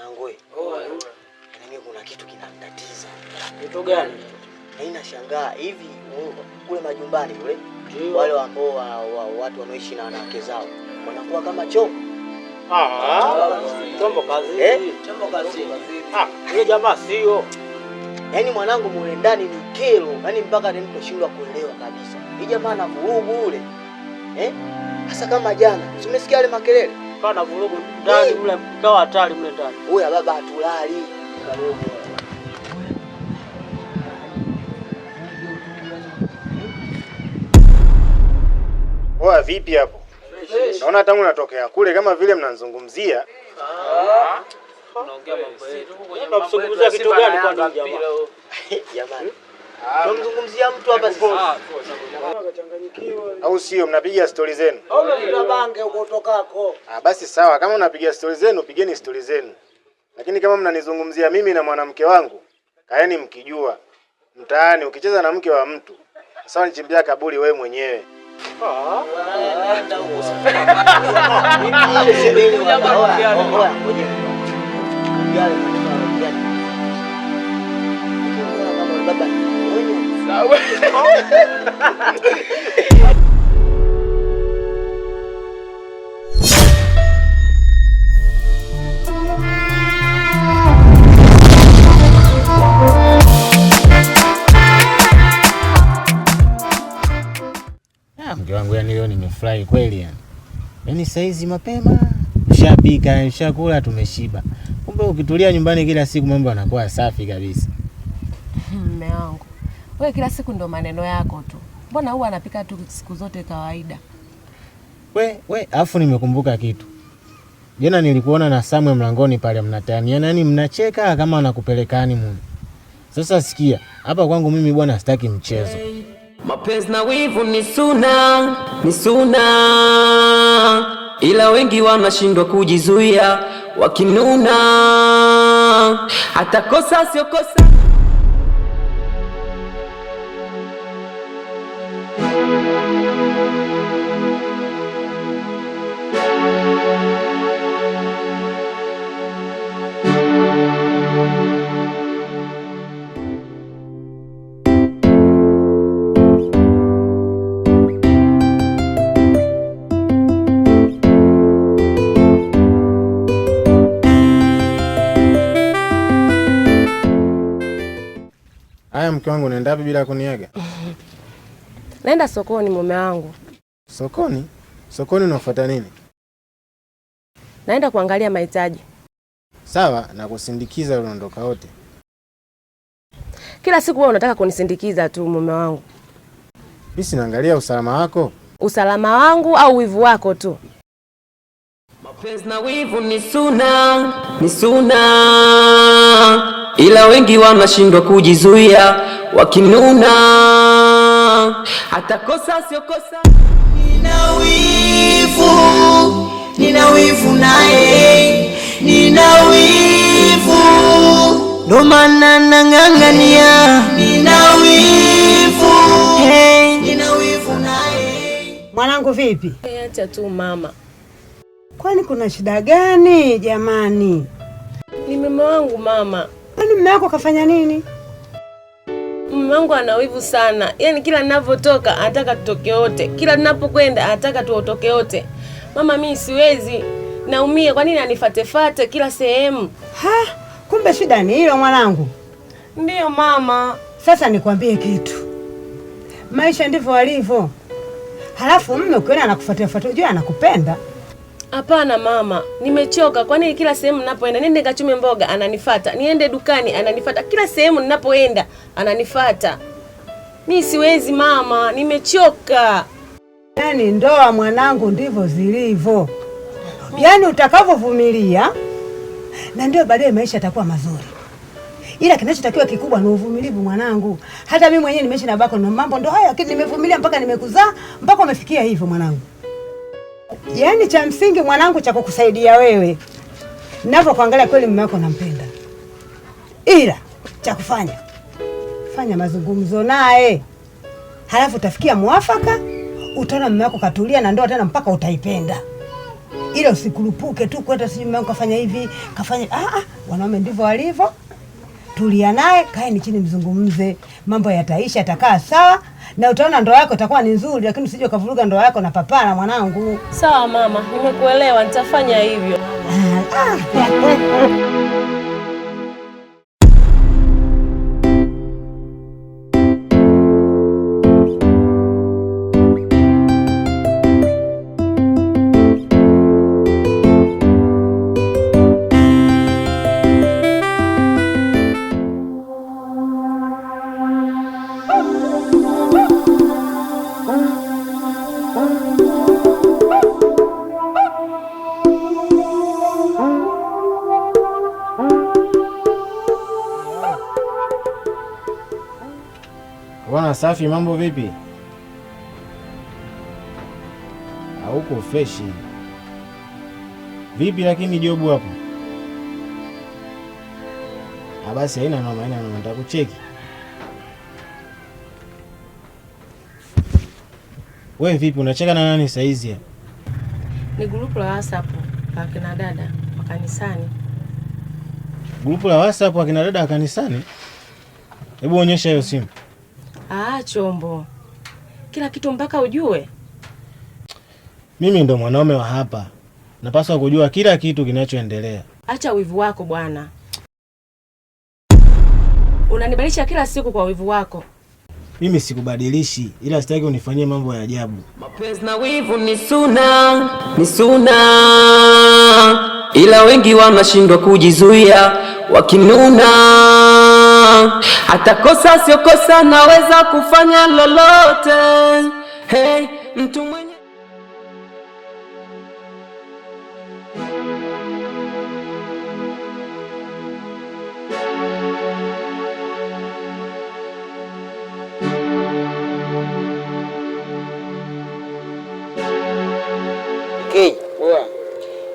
mwanangu mimi kuna kitu kinanitatiza. Kitu gani? Haina shangaa hivi kule majumbani kule wale ambao wa, wa, watu wanaoishi na wanawake zao wanakuwa kama chombo. Ah, chombo kazi. Eh? Chombo kazi. Ah, hiyo jamaa sio. Yaani mwanangu mule ndani ni kero, yaani mpaka nimeshindwa kuelewa kabisa. Hii jamaa na vurugu ule. Eh? Sasa kama jana, umesikia ale makelele? kukawa na vurugu ndani mle, ikawa hatari mle ndani. Huyu baba hatulali Oya, vipi hapo? Naona tangu natokea kule kama vile mnanizungumzia. mambo ah. yetu. kitu gani kwa ndugu jamaa? Tumzungumzia mtu hapa sasa. Ah, ah, Au sio? Mnapiga stori zenu. Ah, basi sawa, kama mnapiga stori zenu pigeni stori zenu, lakini kama mnanizungumzia mimi na mwanamke wangu, kaeni mkijua mtaani ukicheza na mke wa mtu sawa nichimbia kaburi wewe mwenyewe. Ah. Ah, mke wangu, yani leo nimefurahi kweli, yani yani saizi mapema ushapika, ushakula, tumeshiba. Kumbe ukitulia nyumbani kila siku mambo yanakuwa safi kabisa. Mume wangu wewe kila siku ndo maneno yako tu, mbona huwa anapika tu siku zote kawaida? We, we, afu nimekumbuka kitu jana, nilikuona na Samwe mlangoni pale mnatania nani, mnacheka kama anakupelekani yaani mume. Sasa sikia hapa kwangu mimi bwana, sitaki mchezo. Hey, mapenzi na wivu ni suna, ni suna ila wengi wanashindwa kujizuia, wakinuna hata kosa sio kosa mke wangu, unaenda wapi bila kuniaga? Naenda sokoni, mume wangu. Sokoni? Sokoni unafuata nini? Naenda kuangalia mahitaji. Sawa, na kusindikiza unaondoka wote. Kila siku wewe unataka kunisindikiza tu mume wangu. Mimi sinaangalia usalama wako. Usalama wangu au wivu wako tu? Mapenzi na wivu ni suna, ni suna, ila wengi wanashindwa kujizuia wakinuna, atakosa siokosa. Nina wivu, nina wivu naye, nina wivu, ndo maana nang'ang'ania, nina wivu, nina wivu naye. Mwanangu vipi? Acha tu mama, kwani kuna shida gani jamani? Ni mama wangu mama. Kwani mume wako kafanya nini? mume wangu ana wivu sana, yaani kila ninavyotoka anataka tutoke wote, kila ninapokwenda anataka tuotoke wote. Mama, mimi siwezi, naumia. Kwa nini anifatefate kila sehemu? Ha, kumbe shida ni hilo mwanangu. Ndiyo mama. Sasa nikwambie kitu, maisha ndivyo alivyo. Halafu mume ukiona anakufuatia fuatia, ujue anakupenda Hapana mama, nimechoka. Kwa nini kila sehemu ninapoenda niende kachume mboga ananifata, niende dukani ananifata, kila sehemu ninapoenda ananifata. Mi siwezi mama, nimechoka. Yaani ndoa mwanangu, ndivyo zilivyo, yaani utakavyovumilia na ndio baadaye maisha yatakuwa mazuri, ila kinachotakiwa kikubwa ni uvumilivu mwanangu. Hata mimi mwenyewe nimeishi na bako na mambo ndo haya, lakini nimevumilia mpaka nimekuzaa mpaka umefikia hivyo mwanangu. Yaani cha msingi mwanangu, cha kukusaidia wewe, ninavyokuangalia kweli mume wako nampenda, ila cha kufanya fanya mazungumzo naye, halafu utafikia mwafaka. Utaona mume wako katulia na ndoa tena mpaka utaipenda, ila usikurupuke tu kwenda, sijui mume wako kafanya hivi kafanya. Ah, ah, wanaume ndivyo walivyo tulia naye, kaeni chini, mzungumze, mambo yataisha, atakaa sawa na utaona ndoa yako itakuwa ni nzuri, lakini usije ukavuruga ndoa yako na papana, mwanangu. Sawa mama, nimekuelewa, nitafanya hivyo. Ah, ah. safi. Mambo vipi? Hauko feshi vipi? Lakini jobu hapo? Ah, basi haina noma, haina noma, nitakucheki wewe. Vipi, unacheka na nani saa hizi? Ni grupu la WhatsApp la kina dada wa kanisani. Grupu la WhatsApp wa kina dada wa kanisani? Hebu onyesha hiyo simu chombo, kila kitu mpaka ujue. Mimi ndo mwanaume wa hapa, napaswa kujua kila kitu kinachoendelea. Acha wivu wako bwana, unanibadilisha kila siku kwa wivu wako. Mimi sikubadilishi, ila sitaki unifanyie mambo ya ajabu. Mapenzi na wivu ni suna, ni suna, ila wengi wanashindwa kujizuia wakinuna atakosa siokosa, naweza kufanya lolote. Hey, mtu mwenye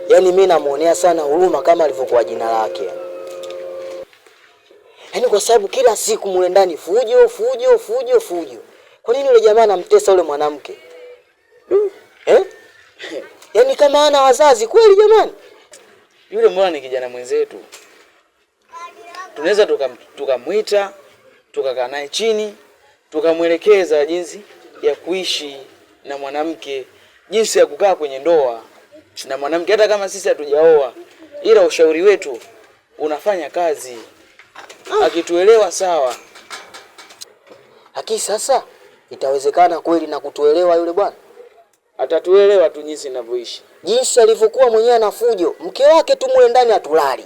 Yaani mi namuonea sana huruma kama alivyokuwa jina lake kwa sababu kila siku mule ndani fujo fujo fujo fujo. Kwa nini yule jamaa anamtesa yule mwanamke hmm, eh? Yaani kama ana wazazi kweli jamani. Yule mbona ni kijana mwenzetu, tunaweza tukamwita tukakaa naye chini tukamwelekeza jinsi ya kuishi na mwanamke, jinsi ya kukaa kwenye ndoa na mwanamke, hata kama sisi hatujaoa, ila ushauri wetu unafanya kazi akituelewa sawa, lakini sasa itawezekana kweli na kutuelewa yule bwana? Atatuelewa tu jinsi inavyoishi, jinsi alivyokuwa mwenyewe na fujo. Mke wake tu mule ndani atulali,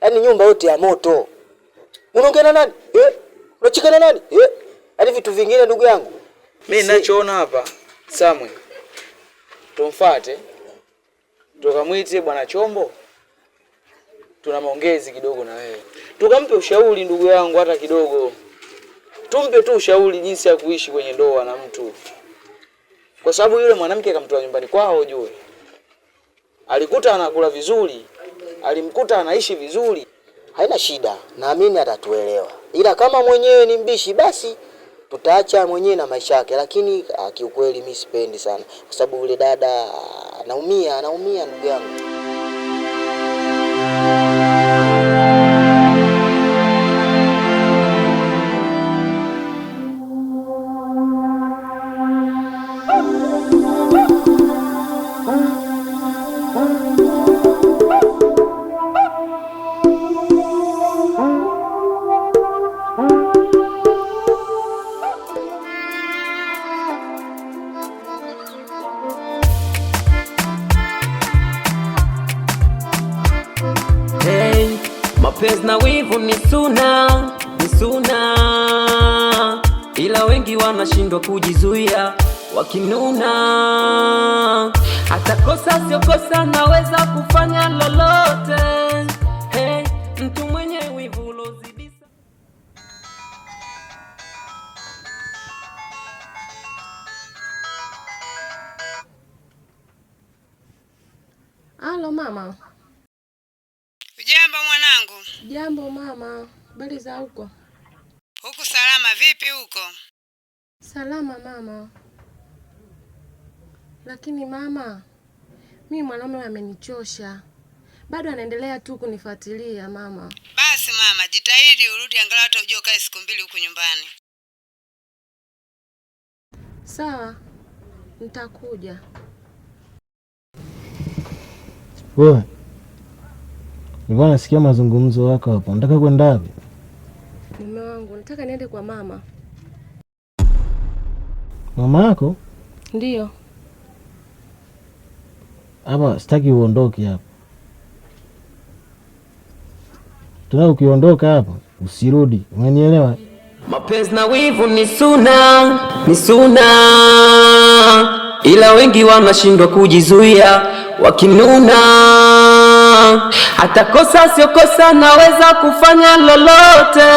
yaani nyumba yote ya moto. Unaongea na nani eh? Unacheka na nani eh? Yaani vitu vingine, ndugu yangu, mimi ninachoona hapa Samwe, tumfuate tukamwite bwana Chombo tuna maongezi kidogo na wewe, tukampe ushauri ndugu yangu, hata kidogo tumpe tu ushauri jinsi ya kuishi kwenye ndoa na mtu, kwa sababu yule mwanamke akamtoa nyumbani kwao, ujue alikuta anakula vizuri, alimkuta anaishi vizuri, haina shida, naamini atatuelewa, ila kama mwenyewe ni mbishi, basi tutaacha mwenyewe na maisha yake. Lakini ah, kiukweli, mimi sipendi sana, kwa sababu yule dada ah, anaumia, anaumia ndugu yangu. mapenzi na wivu ni suna, ni suna, ila wengi wanashindwa kujizuia wakinuna. Hata kosa sio kosa, naweza kufanya lolote. Hey, mtu mwenye mama Jambo mama, habari za huko? Huku salama. Vipi huko? Salama mama. Lakini mama, mi mwanaume amenichosha, bado anaendelea tu kunifuatilia mama. Basi mama, jitahidi urudi angalau hata ujue ukae siku mbili huku nyumbani. Sawa, nitakuja. Wewe Nilikuwa nasikia mazungumzo yako hapo. Nataka kwenda wapi? Mume wangu, nataka niende kwa mama. Mama yako? Ndio. Hapa sitaki uondoke hapa tena, ukiondoka hapa usirudi, umenielewa? Mapenzi na wivu ni suna, ni suna, ila wengi wanashindwa kujizuia wakinuna atakosa siokosa, naweza kufanya lolote.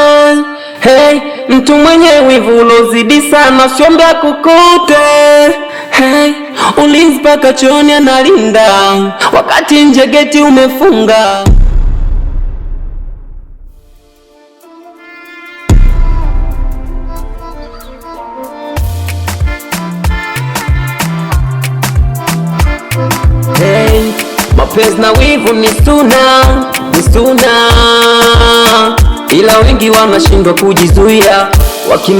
Hey, mtu mwenye wivu ulozidi sana, siombe akukute. Hey, ulinzi mpaka chooni analinda, wakati njegeti umefunga na wivu ni suna, ni suna, ila wengi wanashindwa kujizuia waki